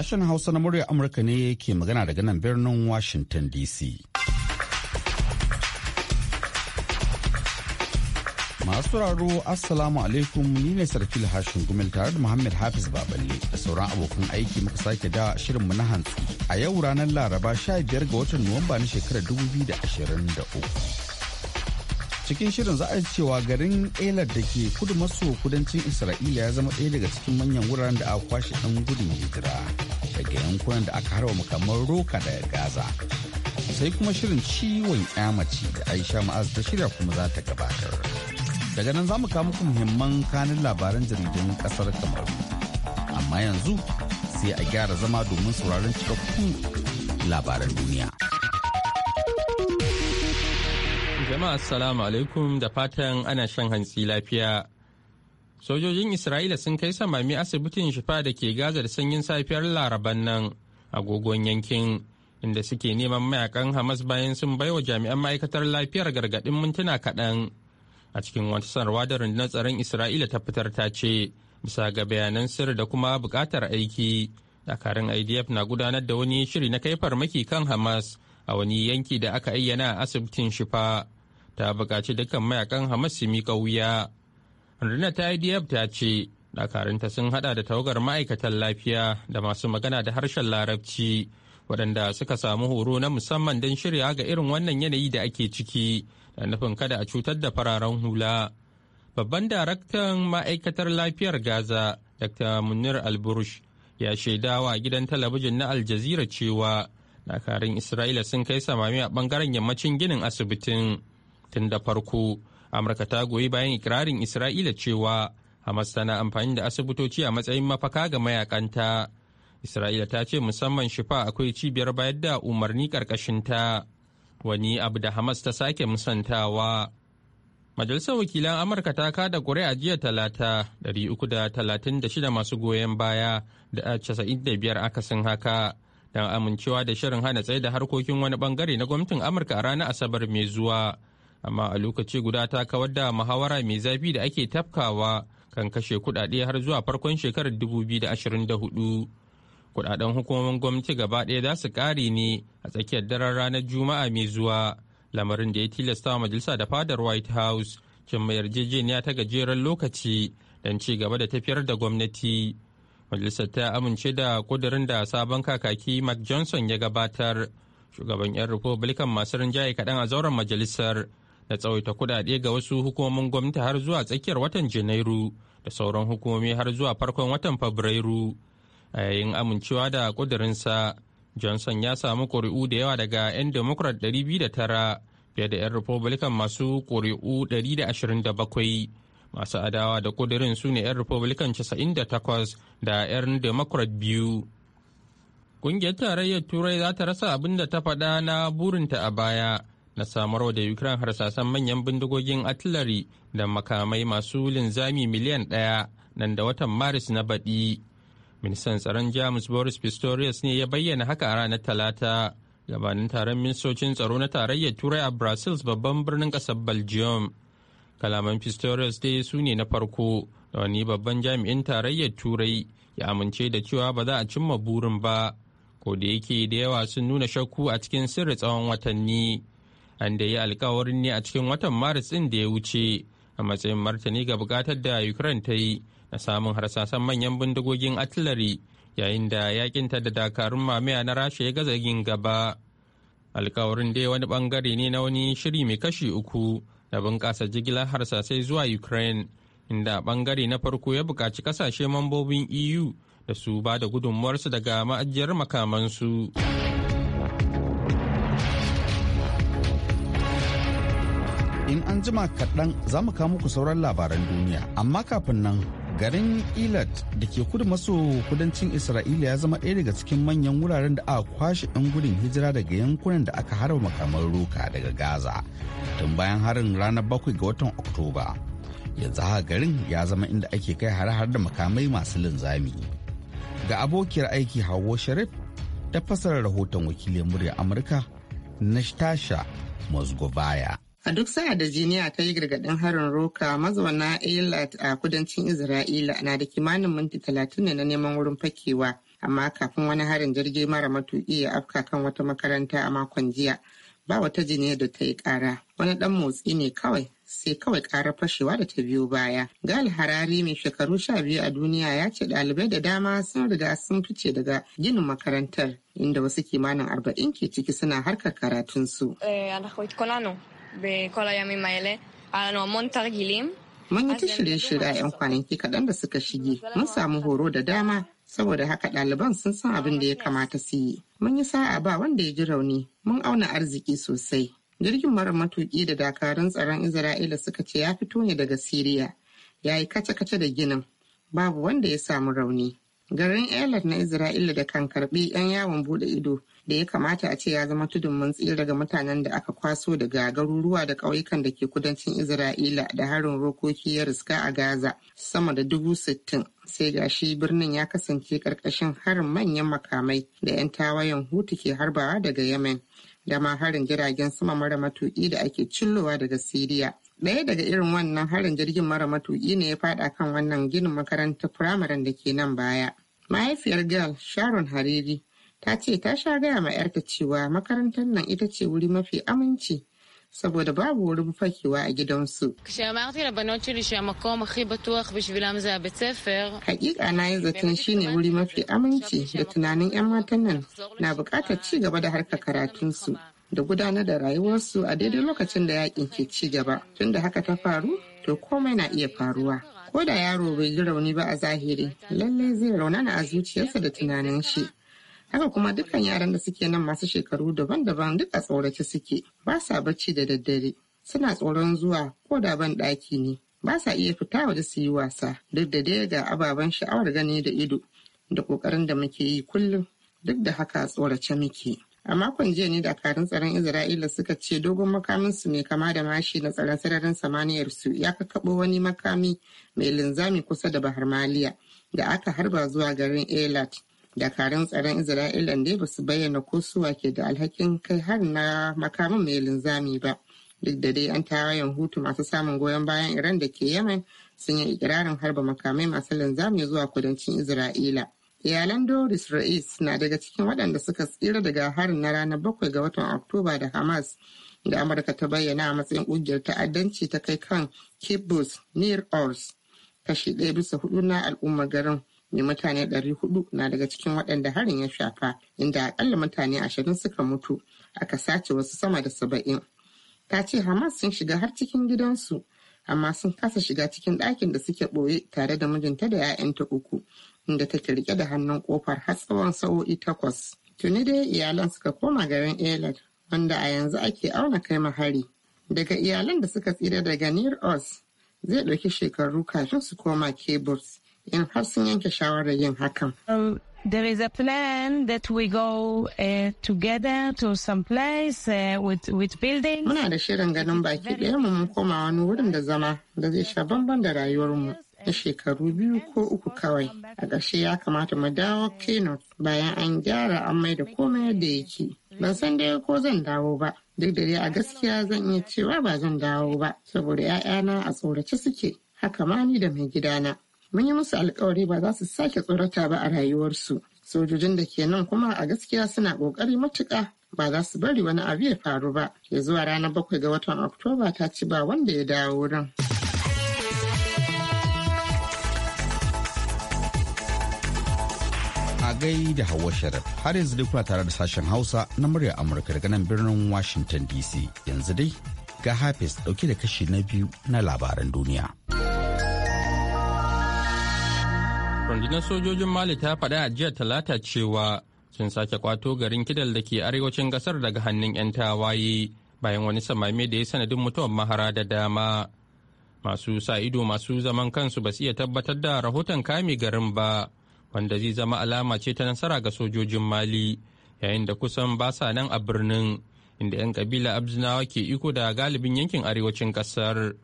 Sashen Hausa na murya Amurka ne ke magana daga nan birnin Washington DC. Masu raro Assalamu alaikum ni ne Sarfil Hashin gumil tare da Muhammad Hafiz Baballe da sauran abokan aiki muka sake da shirinmu na hantsi a yau ranar Laraba 15 ga watan Nuwamba na shekarar 2023. cikin shirin za a cewa garin Elad da ke kudu maso kudancin isra'ila ya zama ɗaya daga cikin manyan wuraren da aka kwashe ɗan gudun hijira daga yankunan da aka harba makaman roka daga gaza sai kuma shirin ciwon mace da aisha ma'az ta shirya kuma za ta gabatar daga nan za mu kawo muku muhimman kanin labaran jaridun kasar kamaru amma yanzu sai a gyara zama domin sauraron cikakkun labaran duniya. Jama'a assalamu alaikum da fatan ana shan hantsi lafiya. Sojojin Isra'ila sun kai samami asibitin shifa da ke Gaza da sanyin safiyar Laraban nan agogon yankin inda suke neman mayakan Hamas bayan sun bai wa jami'an ma'aikatar lafiyar gargadin mintuna kaɗan. A cikin wata sanarwa da rundunar tsaron Isra'ila ta fitar ta ce bisa ga bayanan sirri da kuma buƙatar aiki. Dakarun IDF na gudanar da wani shiri na kai farmaki kan Hamas a wani yanki da aka ayyana a asibitin shifa. ta bukaci dukkan mayakan hamas su miƙa wuya Rina ta idf ta ce dakarunta sun hada da tawagar ma'aikatan lafiya da masu magana da harshen larabci waɗanda suka samu horo na musamman don shirya ga irin wannan yanayi da ake ciki da nufin kada a cutar da fararen hula babban daraktan ma'aikatar lafiyar gaza dr munir alburush ya shaidawa gidan talabijin na aljazira cewa dakarun isra'ila sun kai samami a ɓangaren yammacin ginin asibitin tun da farko amurka ta goyi bayan ikirarin isra'ila cewa hamas tana amfani da asibitoci a matsayin mafaka ga mayakanta isra'ila ta ce musamman shifa akwai cibiyar bayar da umarni ta wani abu da hamas ta sake musantawa majalisar wakilan amurka ta kada ƙuri'a jiya talata 336 masu goyon baya da 95 akasin haka don amincewa da shirin hana tsaye da harkokin wani bangare na gwamnatin amurka a ranar asabar mai zuwa amma a lokaci guda ta kawar da muhawara mai zafi da ake tafkawa kan kashe kudade har zuwa farkon shekarar 2024 kudaden hukumomin gwamnati gaba ɗaya za su ƙare ne a tsakiyar daren ranar juma'a mai zuwa lamarin da ya tilasta majalisa da fadar white house cin mai yarjejeniya ta gajeren lokaci don ci gaba da tafiyar da gwamnati majalisar ta amince da kudurin da sabon kakaki mark johnson ya gabatar shugaban 'yan republican masu rinjaye kaɗan a zauren majalisar da tsawaita kudade ga wasu hukumomin gwamnati har zuwa tsakiyar watan janairu da sauran hukumomi har zuwa farkon watan fabrairu a yayin amincewa da kudurinsa johnson ya samu ƙuri'u da yawa daga 'yan democrat 209 fiye da 'yan republican masu kuri'u 127 masu adawa da kudurin su ne 'yan republican 98 da 'yan democrat biyu ƙungiyar tarayyar turai za ta rasa abin da ta faɗa na burinta a baya na samarwa da ukraine harsasan manyan bindigogin artillery da makamai masu linzami miliyan ɗaya nan da watan maris na baɗi ministan tsaron jamus boris pistorius ne ya bayyana haka a ranar talata gabanin taron ministocin tsaro na tarayyar turai a brussels babban birnin ƙasar belgium kalaman pistorius dai su ne na farko da wani babban jami'in tarayyar turai ya amince da cewa ba za a cimma burin ba ko da yake da yawa sun nuna shakku a cikin sirri tsawon watanni an da yi alkawarin ne a cikin watan maris ɗin da ya wuce a matsayin martani ga bukatar da ukraine ta yi na samun harsasan manyan bindigogin artillery yayin da yakinta da dakarun mamaya na rasha ya gaza yin gaba alkawarin dai wani bangare ne na wani shiri mai kashi uku da bunƙasa jigilar harsasai zuwa ukraine inda bangare na farko ya buƙaci kasashe mambobin eu da su ba da gudunmuwarsu daga ma'ajiyar makamansu. in an jima kaɗan za mu kawo muku sauran labaran duniya amma kafin nan garin ilat da ke kudu maso kudancin isra'ila ya zama ɗaya daga cikin manyan wuraren da aka kwashe 'yan gudun hijira daga yankunan da aka harba makaman roka daga gaza tun bayan harin ranar bakwai ga watan oktoba yanzu haka garin ya zama inda ake kai har-har da makamai masu linzami ga abokiyar aiki hawo sharif ta fasara rahoton wakilin murya amurka natasha mazgobaya A duk sa'a da jiniya ta yi gargaɗin harin roka mazauna Eilat a kudancin Isra'ila na da kimanin minti talatin ne na neman wurin fakewa. Amma kafin wani harin jirgi mara matuƙi ya afka kan wata makaranta a makon jiya, ba wata jiniya da ta yi ƙara. Wani ɗan motsi ne kawai sai kawai ƙarar fashewa da ta biyo baya. Gal Harari mai shekaru sha biyu a duniya ya ce ɗalibai da dama sun riga sun fice daga ginin makarantar inda wasu kimanin arba'in ke ciki suna harkar karatunsu. Eh, בכל הימים האלה. היה לנו המון תרגילים. Mun yi ta shirye-shirye 'yan kwanaki kaɗan da suka shige, mun samu horo da dama, saboda haka ɗaliban sun san abin da ya kamata su yi. Mun yi sa'a ba wanda ya ji rauni, mun auna arziki sosai. Jirgin mara matuƙi da dakarun tsaron Isra'ila suka ce ya fito ne daga Siriya, ya yi kace-kace da ginin, babu wanda ya samu rauni. Garin Eilat na Isra'ila da kan karɓi 'yan yawon buɗe ido da ya kamata a ce ya zama tudun mun tsira ga mutanen da aka kwaso daga garuruwa da ƙauyukan da ke kudancin Isra'ila da harin rokoki ya riska a Gaza sama da dubu sittin sai gashi birnin ya kasance ƙarƙashin harin manyan makamai da 'yan tawayen hutu ke harbawa daga Yemen da ma harin jiragen sama mara matuƙi da ake cillowa daga Siriya. Ɗaya daga irin wannan harin jirgin mara matuƙi ne ya faɗa kan wannan ginin makarantar firamaren da ke nan baya. Mahaifiyar Gal Sharon Hariri ta ce ta sha gaya ma 'yarta cewa makarantar nan ita ce wuri mafi aminci saboda babu wurin fakewa a gidansu. Hakika na yi zaton shi ne wuri mafi aminci da tunanin 'yan matan nan na bukatar ci gaba da harkar karatunsu da gudanar da rayuwarsu a daidai lokacin da yakin ke ci gaba. Tunda haka ta faru, to komai na iya faruwa. Ko da yaro bai yi rauni ba a zahiri, lallai zai raunana a zuciyarsa da tunanin shi. Haka kuma dukkan yaran da suke nan masu shekaru daban-daban duka tsorace suke ba sa bacci da daddare suna tsoron zuwa ko da ban daki ne ba sa iya fita waje su yi wasa duk da dai ga ababen sha'awar gani da ido da kokarin da muke yi kullum duk da haka tsorace muke. a makon jiya ne dakarun tsaron isra'ila suka ce dogon makaminsu mai kama da mashi na tsaron sararin samaniyar su ya kakkaɓo wani makami mai linzami kusa da bahar maliya da aka harba zuwa garin elat dakarun tsaron isra'ila ne ba su bayyana ko suwa ke da alhakin kai har na makamin mai linzami ba duk da dai an tawayen hutu masu samun goyon bayan iran da ke yaman sun yi ikirarin harba makamai masu linzami zuwa kudancin isra'ila iyalan doris ra'is na daga cikin waɗanda suka tsira daga harin na ranar bakwai ga watan oktoba da hamas da amurka ta bayyana a matsayin ƙungiyar ta'addanci ta kai kan kibbutz near ors kashi ɗaya bisa hudu na al'ummar garin ne mutane 400 na daga cikin waɗanda harin ya shafa inda akalla mutane 20 suka mutu aka sace wasu sama da saba'in? ta ce hamas sun shiga har cikin gidansu amma sun kasa shiga cikin ɗakin da suke ɓoye tare da mijinta da 'ya'yanta uku inda take rike da hannun kofar har tsawon sa'o'i takwas tuni dai iyalan suka koma garin elad wanda a yanzu ake auna kai mahari daga iyalan da suka tsira daga near os zai ɗauki shekaru kafin su koma kebus in har sun yanke shawarar yin hakan. Um, there is a plan that we go uh, together to some place uh, with with building. Muna da shirin ganin baki ɗaya mu mun koma wani wurin da zama da zai sha bamban da rayuwar mu na shekaru biyu ko uku kawai. A ƙarshe ya kamata mu dawo Kano bayan an gyara an mai da komai yadda yake. Ban san dai ko zan dawo ba. Duk da dai a gaskiya zan iya cewa ba zan dawo ba saboda 'ya'yana a tsorace suke. Haka ma ni da mai gidana. mun yi musu alkawari ba za su sake tsorata ba a rayuwarsu sojojin da ke nan kuma a gaskiya suna ƙoƙari matuka ba za su bari wani abu ya faru ba ya zuwa ranar bakwai ga watan oktoba ta ci ba wanda ya dawo wurin. gai da Hauwa Sharif har yanzu dai kuna tare da sashen Hausa na murya Amurka daga nan birnin Washington DC yanzu dai ga Hafiz dauke da kashi na biyu na labaran duniya. rundunar sojojin mali ta faɗa a jiya talata cewa sun sake kwato garin kidal da ke arewacin kasar daga hannun 'yan tawaye bayan wani samame da ya sanadin mutuwar mahara da dama masu sa ido masu zaman kansu ba su iya tabbatar da rahoton kame garin ba wanda zai zama alama ce ta nasara ga sojojin mali yayin da kusan ba sa nan a birnin inda 'yan kabila abzinawa ke iko da galibin yankin arewacin kasar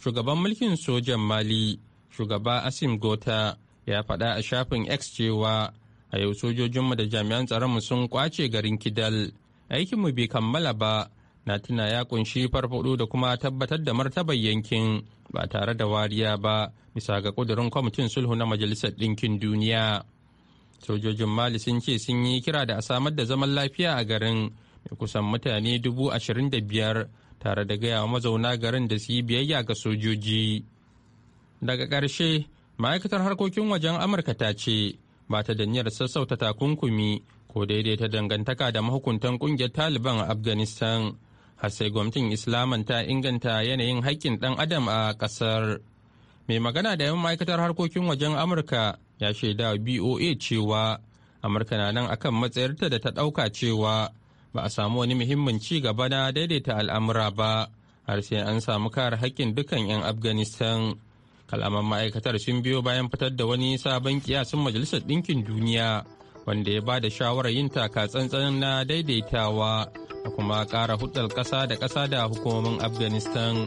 shugaban mulkin sojan mali shugaba asim gota ya faɗa a shafin X cewa a yau sojojinmu da jami'an tsaronmu sun kwace garin Kidal. Aikinmu bai kammala ba, na tuna ya kunshi farfaɗo da kuma tabbatar da martabar yankin ba tare da wariya ba bisa ga ƙudurin kwamitin sulhu na Majalisar Ɗinkin Duniya. Sojojin Mali sun ce sun yi kira da a samar da zaman lafiya a garin mai kusan mutane dubu ashirin da biyar tare da gaya wa mazauna garin da su yi biyayya ga sojoji. Daga ƙarshe, ma'aikatar harkokin wajen amurka ta ce ba ta da sassauta takunkumi ko daidaita dangantaka da mahukuntan kungiyar taliban a afghanistan har sai gwamnatin islaman ta inganta yanayin haƙƙin ɗan adam a ƙasar mai magana da yawan ma'aikatar harkokin wajen amurka ya shaida boa cewa amurka na nan akan matsayarta da ta ɗauka cewa ba a samu wani muhimmin ci gaba na daidaita al'amura ba har sai an samu kare haƙƙin dukkan 'yan afghanistan kalaman ma'aikatar sun biyo bayan fitar da wani sabon kiyasin majalisar ɗinkin duniya wanda ya ba da shawarar yin taka tsantsan na daidaitawa da kuma ƙara hudar ƙasa da ƙasa da hukumomin afghanistan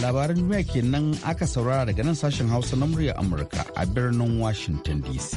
labaran duniya kenan aka saurara daga nan sashen hausa na murya amurka a birnin washington dc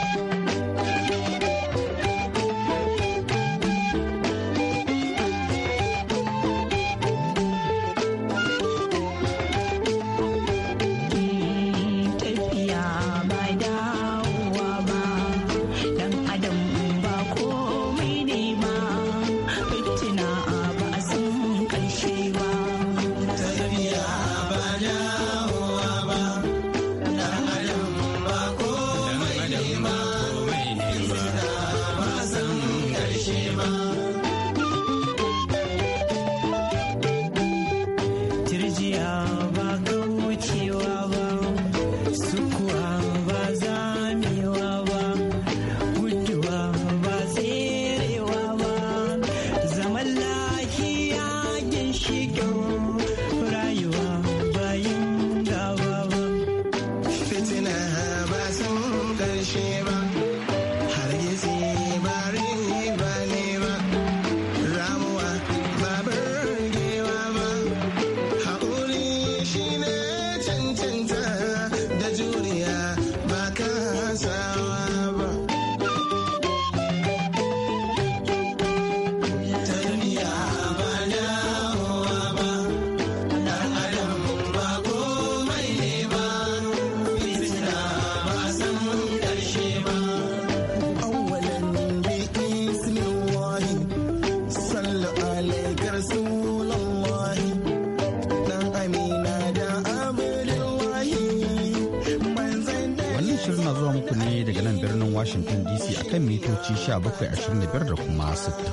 Washington DC a kan mitoci 1725 da kuma 60.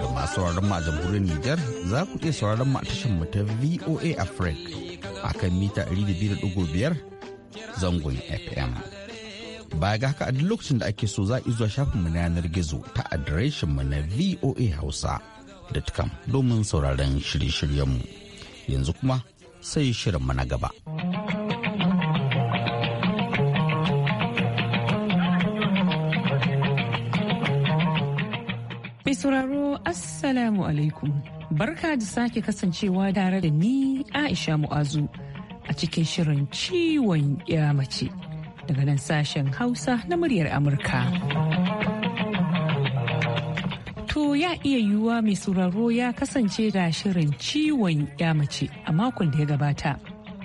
Ga masu sauraron mu a jamhuriyar Niger za ku iya sauraron mu a tashar mu ta VOA Africa a kan mita 200.5 zangon FM. Baya ga haka a duk lokacin da ake so za a zuwa shafinmu na yanar gizo ta adireshin mu na voahausa.com domin sauraron shirye-shiryenmu. Yanzu kuma sai shirinmu na gaba. sauraro Assalamu alaikum. Barka da sake kasancewa tare da ni Aisha Mu'azu a cikin shirin ciwon ya mace daga nan sashen Hausa na muryar Amurka. To ya iya yiwuwa mai sauraro ya kasance da shirin ciwon ya mace a makon da ya gabata.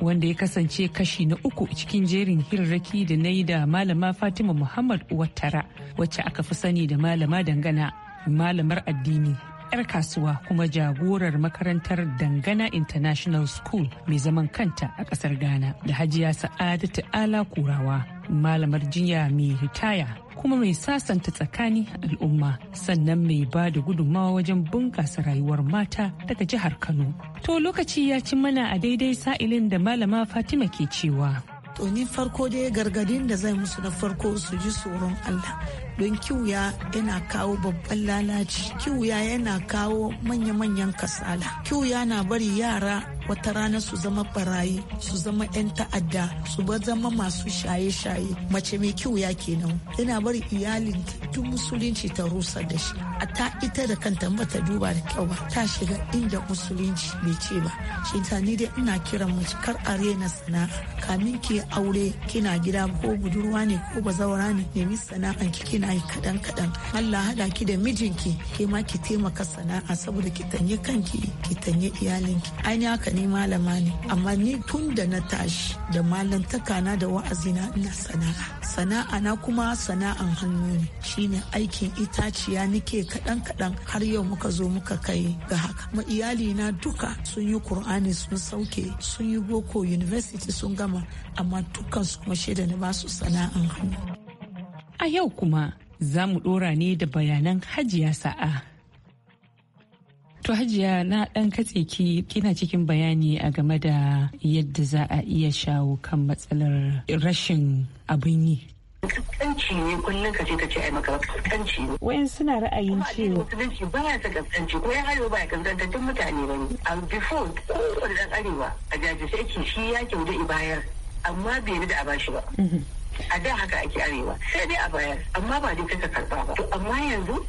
Wanda ya kasance kashi na uku cikin jerin hirarraki da na yi da malama Fatima Muhammad Uwattara wacce aka fi sani da malama dangana malamar addini 'yar kasuwa kuma jagorar makarantar dangana international school mai zaman kanta a kasar ghana da hajiya sa'adatu ala kurawa malamar jinya mai ritaya kuma mai sasanta tsakani al'umma sannan mai ba da gudummawa wajen bunkasa rayuwar mata daga jihar kano to lokaci ya ci mana a daidai sa'ilin da malama fatima ke cewa to ni farko dai gargadin da zai musu na farko su ji tsoron Allah don kiwuya yana kawo babban lalaci kiwuya yana kawo manya-manyan kasala kiwuya na bari yara wata rana su zama barayi su zama 'yan ta'adda su ba zama masu shaye-shaye mace mai kiwuya kenan yana bari iyalin duk musulunci ta rusa da shi a ta ita da kanta bata duba da kyau ba ta shiga inda musulunci bai ce ba shi ta ni dai ina kiran mace kar a rena sana'a kamin ki aure kina gida ko budurwa ne ko bazawara ne nemi sana'an kina na yi kaɗan kaɗan Allah haɗa ki da mijinki ke ma ki taimaka sana'a saboda ki tanye kanki ki tanye iyalinki ai ni haka ni malama ne amma ni tun da na tashi da malantaka na da na ina sana'a sana'a na kuma sana'an hannu ne shine aikin itaciya nike kaɗan kaɗan har yau muka zo muka kai ga haka ma iyali na duka sun yi kur'ani sun sauke sun yi boko university sun gama amma dukkan su kuma shaida na basu sana'an hannu a yau kuma za mu dora ne da bayanan hajiya sa'a. To hajiya na ɗan katse ki kina cikin bayani a game da yadda za a iya shawo kan matsalar rashin abin yi kaskanci ne kullum ka ce ka ce ai maka kaskanci ne. Wayan suna ra'ayin cewa. cikin ba ya ta kaskanci ko ya arewa ba ya kaskantattun mutane ba ne. A before kowane ɗan arewa a jajirce yake shi ya kyau da ibayar amma bai da a bashi ba. Mhm. a da haka ake arewa sai dai a bayar amma ba dai ka karba ba to amma yanzu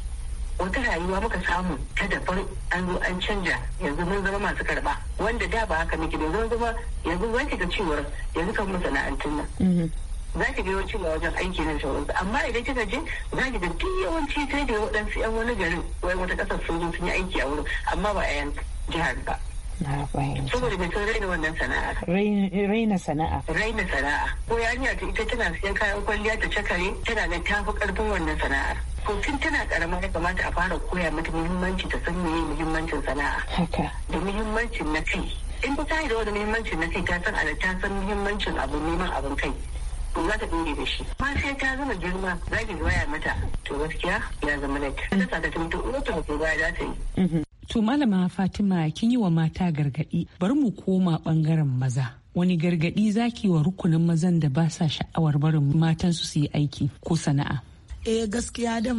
wata rayuwa muka samu ta dabar an zo an canja yanzu mun zama masu karba wanda da ba haka muke yanzu zama yanzu zaki ga cewar yanzu kan masana'antun nan mm-hmm. za ki ga yawanci ba wajen aiki na sauransu amma idan kika je zaki ki ga duk yawanci sai da waɗansu 'yan wani garin wai wata ƙasar sun zo sun yi aiki a wurin amma ba a 'yan jihar ba Na fahimta. Saboda bai san raina wannan sana'a. Raina sana'a. Raina sana'a. Ko yarinya ta ita tana siyan kayan kwalliya ta cakare tana da tafi karfin wannan sana'a. Ko tun tana ƙarama ya kamata a fara koya mata muhimmancin ta san meye muhimmancin sana'a. Haka. Da muhimmancin na kai. In ba ta yi da wani muhimmancin na kai ta san ala ta san muhimmancin abu neman abin kai. to za ta ɗore da shi ma sai ta zama girma za ki waya mata to gaskiya ya zama lati ta sa ta mutu uwa ta ko baya za ta yi mm-hmm. To malama Fatima kin yi wa mata gargadi bari mu koma ɓangaren maza. Wani gargaɗi zaki wa rukunin mazan da ba sa sha'awar barin matansu su yi aiki ko sana'a. eh gaskiya dan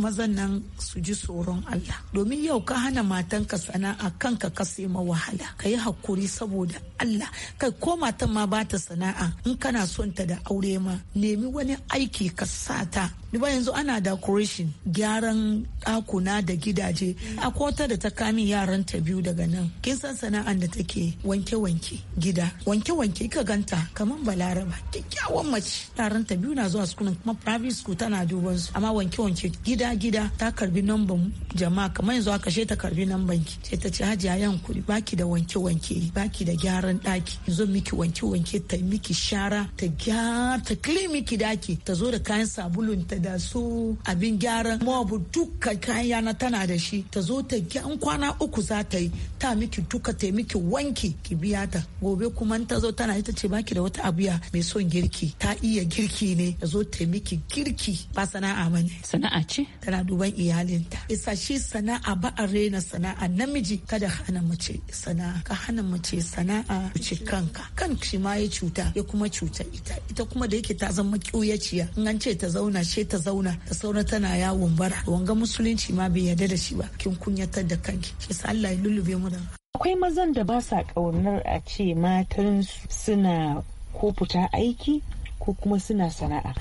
mazan nan su ji tsoron Allah domin yau ka hana matanka sana'a kanka ka sai ma wahala ka yi hakuri saboda Allah kai ko matan ma ba ta sana'a in kana son ta da aure ma nemi wani aiki ka sata ni ba yanzu ana decoration gyaran ɗakuna da gidaje a kota da ta kami yaran ta biyu daga nan kin san sana'an da take wanke-wanke gida wanke-wanke ka ganta kamar balaraba kyakkyawan mace yaran ta biyu na zuwa sukunan kuma private school tana duba abubuwan su amma wanke wanke gida gida ta karbi lambar jama'a kamar yanzu aka she ta karbi lambar ki sai ta ce hajiya yan kuɗi baki da wanke wanke baki da gyaran daki zo miki wanke wanke ta miki shara ta gyara ta kli miki daki ta zo da kayan sabulun ta da su abin gyaran mobu duka kayan yana tana da shi ta zo ta gyan kwana uku za ta yi ta miki duka ta miki wanki ki biya ta gobe kuma ta zo tana ita ce baki da wata abuya mai son girki ta iya girki ne ta zo ta miki girki ba sana'a ba ne. Sana'a ce? Tana duban iyalinta. Isa shi sana'a ba a rena sana'a namiji kada hana mace sana'a. Ka hana mace sana'a ci kanka. Kan shi ma ya cuta ya kuma cuta ita. Ita kuma da yake ta zama ƙuyaciya. In an ce ta zauna she ta zauna ta saura tana yawon bara. Wanga musulunci ma bai yarda da shi ba. Kin kunyatar da kanki. Shi sa Allah ya lullube mu da. Akwai mazan da ba sa ƙaunar a ce matansu suna ko fita aiki ko kuma suna sana'a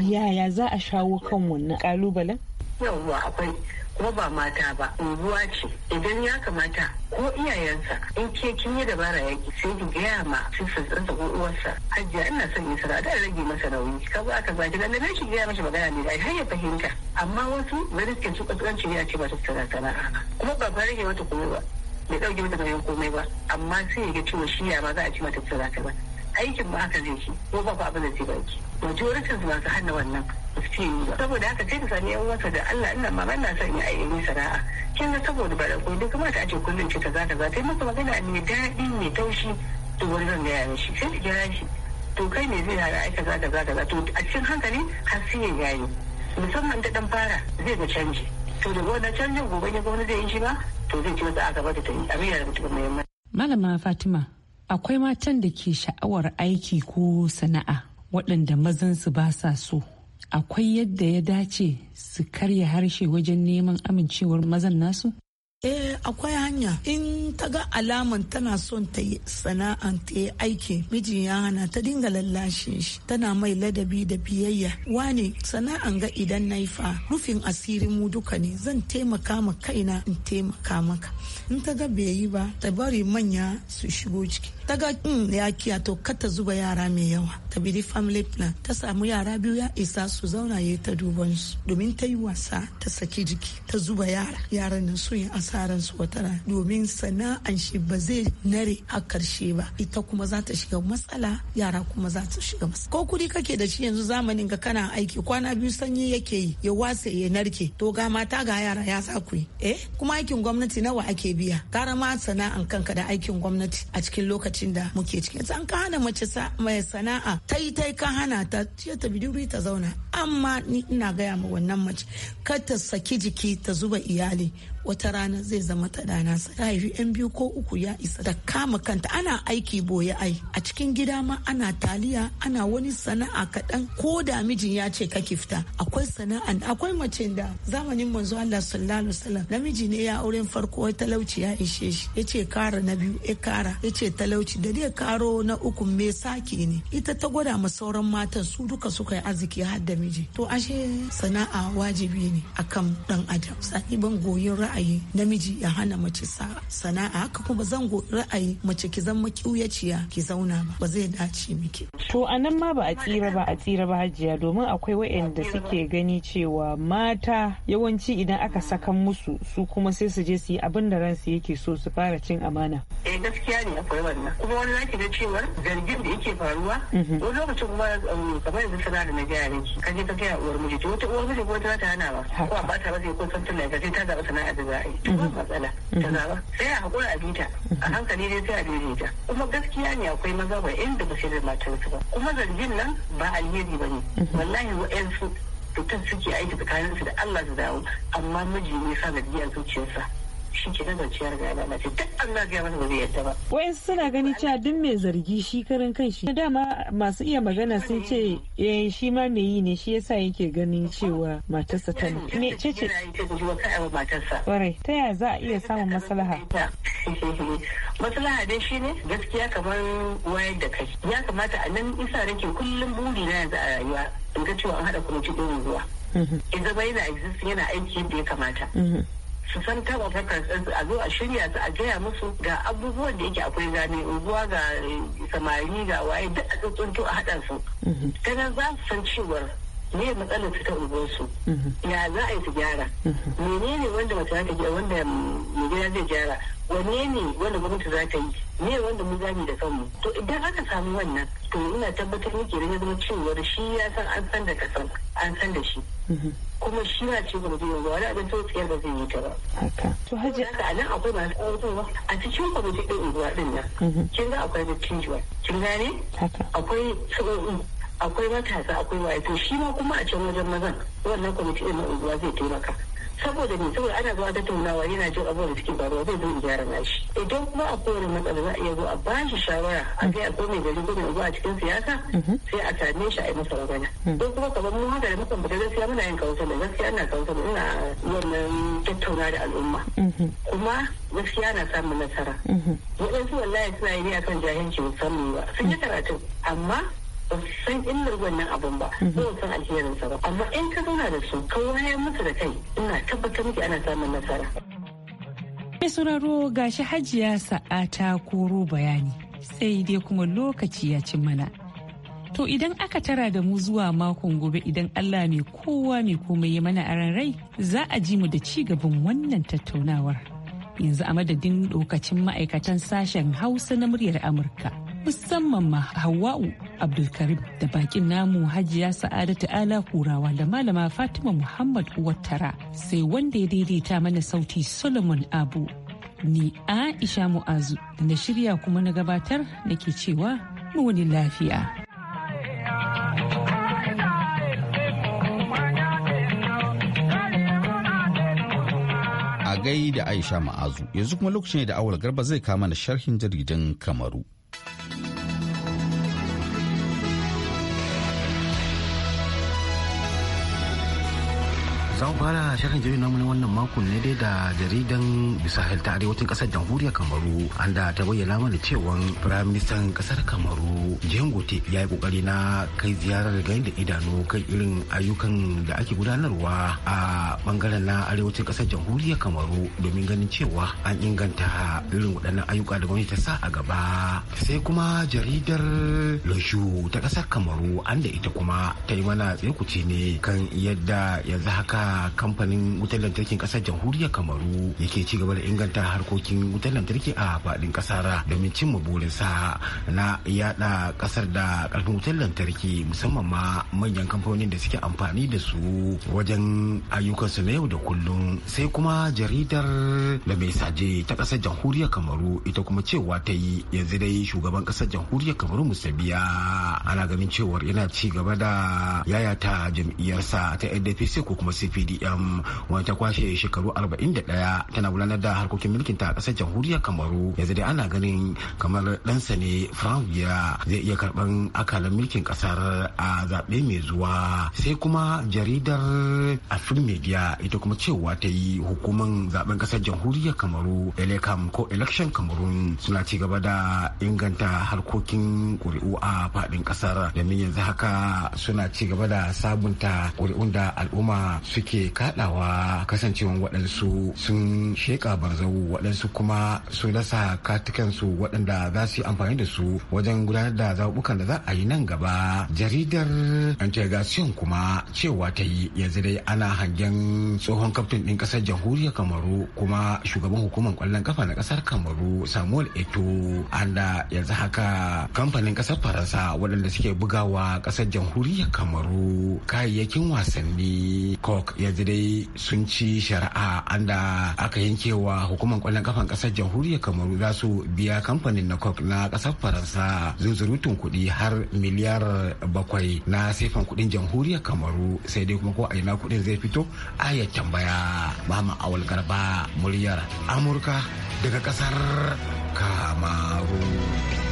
yaya za a shawo kan wannan kalubalen yawwa akwai kuma ba mata ba unguwa ce idan ya kamata ko iyayensa in ke kin yi dabara ya yaki sai ki gaya ma sun sassan ko uwarsa hajiya ina son yi sana'a da rage masa nauyi ka ba ka zaki da nan shi gaya masa magana ne dai har ya fahimta amma wasu riskin su kasuwanci ya ce ba su sana'a kuma ba ba rage mata komai ba bai dauke mata nauyin komai ba amma sai ya ga cewa shi ya ba za a ci mata sana'a ba aikin ba haka zai ci ko ba abin da zai ki majoritin su masu hannu wannan ba su yi ba saboda haka sai ka sami yan wata da Allah ina ma na son yi ayyukan sana'a kin ga saboda ba da duk kamata a ce kullum ce ta za ta za ta yi masa magana ne daɗi ne taushi to wani zan gaya mishi sai ta gyara shi to kai ne zai hara aika za ta za ta za to a cikin hankali har sai ya yayi musamman ta dan fara zai ga canji to da wannan canjin gobe ne gwamnati zai yi shi ba to zai ci wata a gaba da ta yi abin da mutum mai Malama Fatima akwai matan da ke sha'awar aiki ko sana'a waɗanda mazansu ba sa so akwai yadda ya dace su karya harshe wajen neman amincewar mazan nasu eh akwai hanya in ta ga alaman tana son ta yi sana'an ta yi aiki miji ya hana ta dinga lallashin shi tana mai ladabi da biyayya Wani sana'an ga idan na yi fa rufin asirin mu duka ne zan taimaka ma kaina in taimaka maka in ta ga bai yi ba ta bari manya su shigo ciki ta ga in hmm, ya kiya to kata zuba yara mai yawa ta biri family plan ta samu yara biyu ya isa su zauna ya ta duban su domin ta yi wasa ta saki jiki ta zuba yara yaran nan sun yi asaran su wata rana domin sana'an shi ba zai nare a karshe ba ita kuma za ta shiga matsala yara kuma za ta shiga matsala ko kudi kake da shi yanzu zamanin ga kana aiki kwana biyu sanyi yake yi ya wase ya narke to ga mata ga yara ya sa ku eh kuma aikin gwamnati nawa ake biya gara ma sana'an kanka da aikin gwamnati a cikin lokaci lokacin da muke ciki zan ka hana mace mai sana'a ta yi ta yi ka hana ta ce ta duri ta zauna amma ni ina gaya ma wannan mace kar ta saki jiki ta zuba iyali wata rana zai zama ta dana sa ta haifi yan biyu ko uku ya isa da kama kanta ana aiki boye ai a cikin gida ma ana taliya ana wani sana'a kaɗan ko da mijin ya ce kake fita akwai sana'a akwai mace da zamanin manzo Allah sallallahu alaihi wasallam namiji ne ya auren farko wai talauci ya ishe shi yace kara na biyu ya kara yace talauci da dai karo na uku me saki ne ita ta gwada ma sauran matan su duka suka yi arziki har da miji to ashe sana'a wajibi ne akan dan adam ban goyon ra'ayi ra'ayi namiji ya hana mace sana'a haka kuma zan ra'ayi mace ki zama kiuyaciya ki zauna ba ba zai dace miki. To a nan ma ba a tsira ba a tsira ba hajiya domin akwai waɗanda suke gani cewa mata yawanci idan aka sakan musu su kuma sai su je su yi abin da ransu yake so su fara cin amana. Eh gaskiya ne akwai wannan kuma wani zaki da cewa zargin da yake faruwa mhm. wani lokacin kuma um, kamar yanzu sana da na gaya ne ka je ka gaya uwar miji to wata uwar miji ko ta hana ba ko a ta ba zai ko san tun da ta zaɓa sana'a za a yi ba matsala mhm. sai a hakura a bita mhm. a hankali dai sai a daidaita kuma gaskiya ne akwai maza ba inda ba sai da matarsu ba kuma zargin nan ba alheri ba ne mhm. wallahi wa'yansu fitan suke aiki tsakaninsu da Allah su dawo amma miji ne sa zargi a zuciyarsa shin ki ciyar mace duk ba zai yadda ba suna gani cewa duk mai zargi shi karin shi. dama masu iya magana sun ce eh shi ma me yi ne shi yasa yake ganin cewa matarsa ta ne ce ce kwarai ta yaya za a iya samun maslaha maslaha dai shi ne gaskiya kamar wayar da kai ya kamata a nan isa nake kullum buri na yanzu a rayuwa in ga cewa an haɗa kuma cikin ruwa mm-hmm. in zama yana existing yana aiki yadda ya kamata mm-hmm. su san taba su a zo a shirya su a gaya musu ga abubuwan da yake akwai zane unguwa ga eh, samari ga waye duk a tsuntsunto a haɗa su. Kana mhm. za su san cewar me matsalar su ta unguwarsu ya za a yi su gyara mhm. menene wanda mace za ta gyara wanda gida zai gyara wanne ne wanda gwamnati za ta yi ne wanda mu zami da kanmu to idan aka samu wannan to ina tabbatar muke da zama cewar shi ya san an san da kasan an san da shi mhm. kuma shi na ce ba mutum yanzu wani abin tsotsi ba zai yi ta ba. to haji haka a nan akwai masu tsawon a cikin kwamitin ɗin unguwa ɗin nan mhm. kin ga akwai dattijuwa kin gane akwai tsawon akwai matasa akwai waye to shi ma kuma a can wajen mazan wannan kwamiti ɗin na unguwa zai taimaka saboda ne saboda ana zuwa tattaunawa yana jin abubuwan da suke faruwa zai zo gyara nashi idan kuma a kowane matsala za a iya zo a ba shi shawara a kai a kome gari gudun zuwa a cikin siyasa mhm. sai a same shi a yi masa magana mhm. don kuma kamar mu haka da mukan fita gaskiya muna yin kawusa da gaskiya ana kawusa da ina wannan tattauna da al'umma mhm. kuma gaskiya na samun nasara waɗansu wallahi suna yi ne akan jahilci musamman ba sun yi karatu amma ba su san illar wannan abun ba mhm. ba su san alherinsa ba amma in ka zauna da su ka wayar musu da kai ina tabbatar miki ana samun nasara. Mai sauraro gashi hajiya sa'a ta koro bayani sai dai kuma lokaci ya ci mana. To idan aka tara da mu zuwa makon gobe idan Allah mai kowa mai komai ya mana aran rai za a ji mu da ci gaban wannan tattaunawar. Yanzu a madadin lokacin ma'aikatan sashen Hausa na muryar Amurka. musamman ma Hawwa'u Abdulkarim da bakin namu Hajiya Sa'adatu Ala Kurawa da Malama Fatima Muhammad Uwattara sai wanda ya daidaita mana sauti Solomon Abu. Ni Aisha Mu'azu da na shirya kuma na gabatar nake cewa mu wani lafiya. da Aisha mu'azu yanzu kuma lokacin da awal garba zai kama na sharhin jaridan Kamaru. fara shirin jirgin namu na wannan makon ne dai da jaridan bisahil ta arewacin kasar jamhuriyar kamaru an da ta bayyana mana cewa firaministan kasar kamaru jengote ya yi kokari na kai ziyarar gani da idanu kan irin ayyukan da ake gudanarwa a bangaren na arewacin kasar jamhuriyar kamaru domin ganin cewa an inganta irin waɗannan ayyuka da gwamnati ta sa a gaba sai kuma jaridar lashu ta kasar kamaru an da ita kuma ta yi mana tsaye ne kan yadda yanzu haka kamfanin wutar lantarkin kasar jamhuriyar kamaru yake ci gaba da inganta harkokin wutar lantarki a faɗin kasar domin cimma burinsa na yada kasar da karfin wutar lantarki musamman ma manyan kamfanonin da suke amfani da su wajen ayyukansu na yau da kullum sai kuma jaridar da mai saje ta kasar jamhuriyar kamaru ita kuma cewa ta yi yanzu dai shugaban kasar jamhuriyar kamaru musabiya ana ganin cewar yana ci gaba da yayata jam'iyyarsa ta ndpc ko kuma cpd pm wanda ta kwashe shekaru 41 tana gudanar da harkokin mulkin ta a kasar jamhuriyar kamaru yanzu dai ana ganin kamar ɗansa ne frank biya zai iya karɓar akalan mulkin kasar a zaɓe mai zuwa sai kuma jaridar afrin media ita kuma cewa ta yi hukumar zaben kasar jamhuriyar kamaru elekam ko election cameroon suna ci gaba da inganta harkokin ƙuri'u a faɗin ƙasar domin yanzu haka suna ci gaba da sabunta ƙuri'un da al'umma suke ke kaɗawa kasancewan waɗansu sun sheka barzawu waɗansu kuma sun rasa katikansu waɗanda za su yi amfani da su wajen gudanar da zaɓukan da za a yi nan gaba jaridar integration kuma cewa ta yi yanzu dai ana hangen tsohon kaftin ɗin ƙasar jamhuriyar kamaru kuma shugaban hukumar ƙwallon ƙafa na ƙasar kamaru samuel eto anda yanzu haka kamfanin ƙasar faransa waɗanda suke bugawa ƙasar jamhuriyar kamaru kayayyakin wasanni kok ya yanzu dai sun ci shari'a anda aka yankewa hukumar kwallon kafan kasar jamhuriyar kamaru za su biya kamfanin na coke na kasar faransa zunzurutun kuɗi har miliyar bakwai na sefan kuɗin jamhuriyar kamaru sai dai kuma ko a ina kuɗin zai fito a ya tambaya mama awal garba muryar amurka daga kasar kamaru.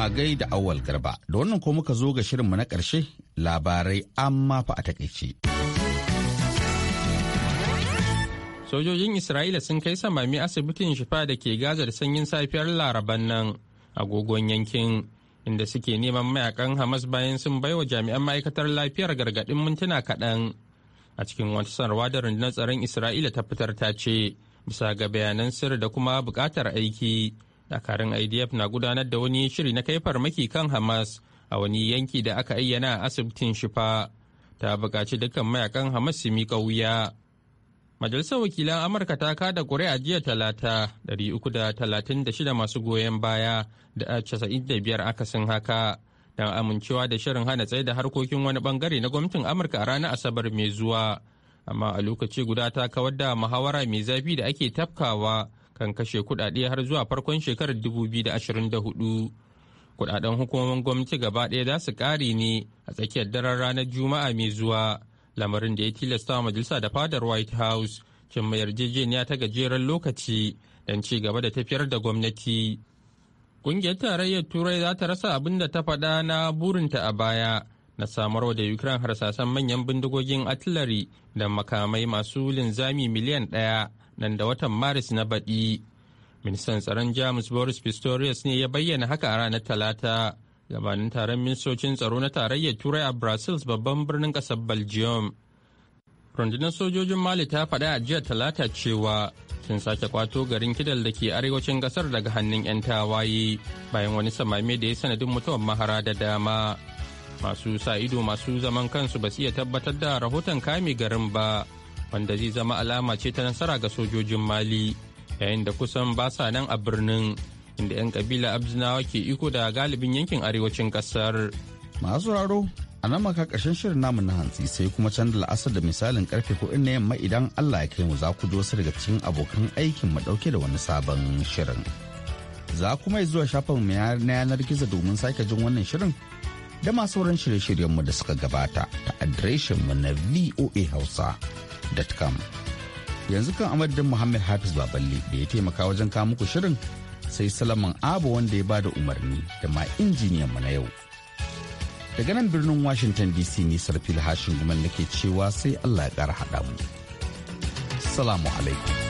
A da awal garba, da wannan ko muka zo ga shirinmu na ƙarshe labarai amma fa a takaice. Sojojin Isra'ila sun kai samami asibitin shifa da ke Gaza da sanyin safiyar laraban nan agogon yankin inda suke neman mayakan Hamas bayan sun baiwa jami'an ma'aikatar lafiyar gargaɗin mintuna kaɗan. A cikin wata sanarwa da rundunar tsaron Isra'ila ta fitar ta ce, bisa ga bayanan sirri da kuma buƙatar aiki. dakarun idf na gudanar da wani shiri na kai farmaki kan hamas a wani yanki da aka ayyana a asibitin shifa ta buƙaci dukkan mayakan hamas su miƙa wuya majalisar wakilan amurka ta kada ƙuri'a jiya talata 336 masu goyon baya da 95 sun haka don amincewa da shirin hana tsaye da harkokin wani bangare na gwamnatin amurka a ranar asabar mai zuwa amma a lokaci guda ta kawar da muhawara mai zafi da ake tafkawa kan kashe kudade har zuwa farkon shekarar 2024 kudaden hukumomin gwamnati gaba ɗaya za su ƙare ne a tsakiyar daren ranar juma'a mai zuwa lamarin da ya tilasta wa majalisa da fadar white house cin mai yarjejeniya ta gajeren lokaci don ci gaba da tafiyar da gwamnati ƙungiyar tarayyar turai za ta rasa abin da ta faɗa na burinta a baya na samarwa da ukraine harsasan manyan bindigogin artillery da makamai masu linzami miliyan ɗaya nan da watan maris na baɗi ministan tsaron jamus boris pistorius ne ya bayyana haka a ranar talata gabanin taron ministocin tsaro na tarayyar turai a brussels babban birnin ƙasar belgium rundunar sojojin mali ta faɗa a jiya talata cewa sun sake kwato garin kidal da ke arewacin ƙasar daga hannun 'yan tawaye bayan wani samame da ya sanadin mutuwar mahara da dama masu sa ido masu zaman kansu ba su iya tabbatar da rahoton kame garin ba wanda zai zama alama ce ta nasara ga sojojin mali yayin da kusan ba sa nan a birnin inda 'yan kabila abzinawa ke iko da galibin yankin arewacin kasar masu raro a nan maka shirin namu na hantsi sai kuma can da la'asar da misalin karfe hudu na yamma idan allah ya kai mu za ku ji wasu daga cikin abokan aikin mu dauke da wani sabon shirin za kuma zuwa shafin mu na yanar gizo domin sake jin wannan shirin da masu sauran shirye-shiryenmu da suka gabata ta adireshin mu na voa hausa hausa.com. Yanzu kan amadin Muhammad Hafiz Baballe da ya taimaka wajen kawo muku shirin sai Salaman Abu wanda ya bada umarni da ma injiniyan mu na yau. Daga nan birnin Washington DC ne Sarfil Hashin Guman nake cewa sai Allah ya kara haɗa mu. Salamu alaikum.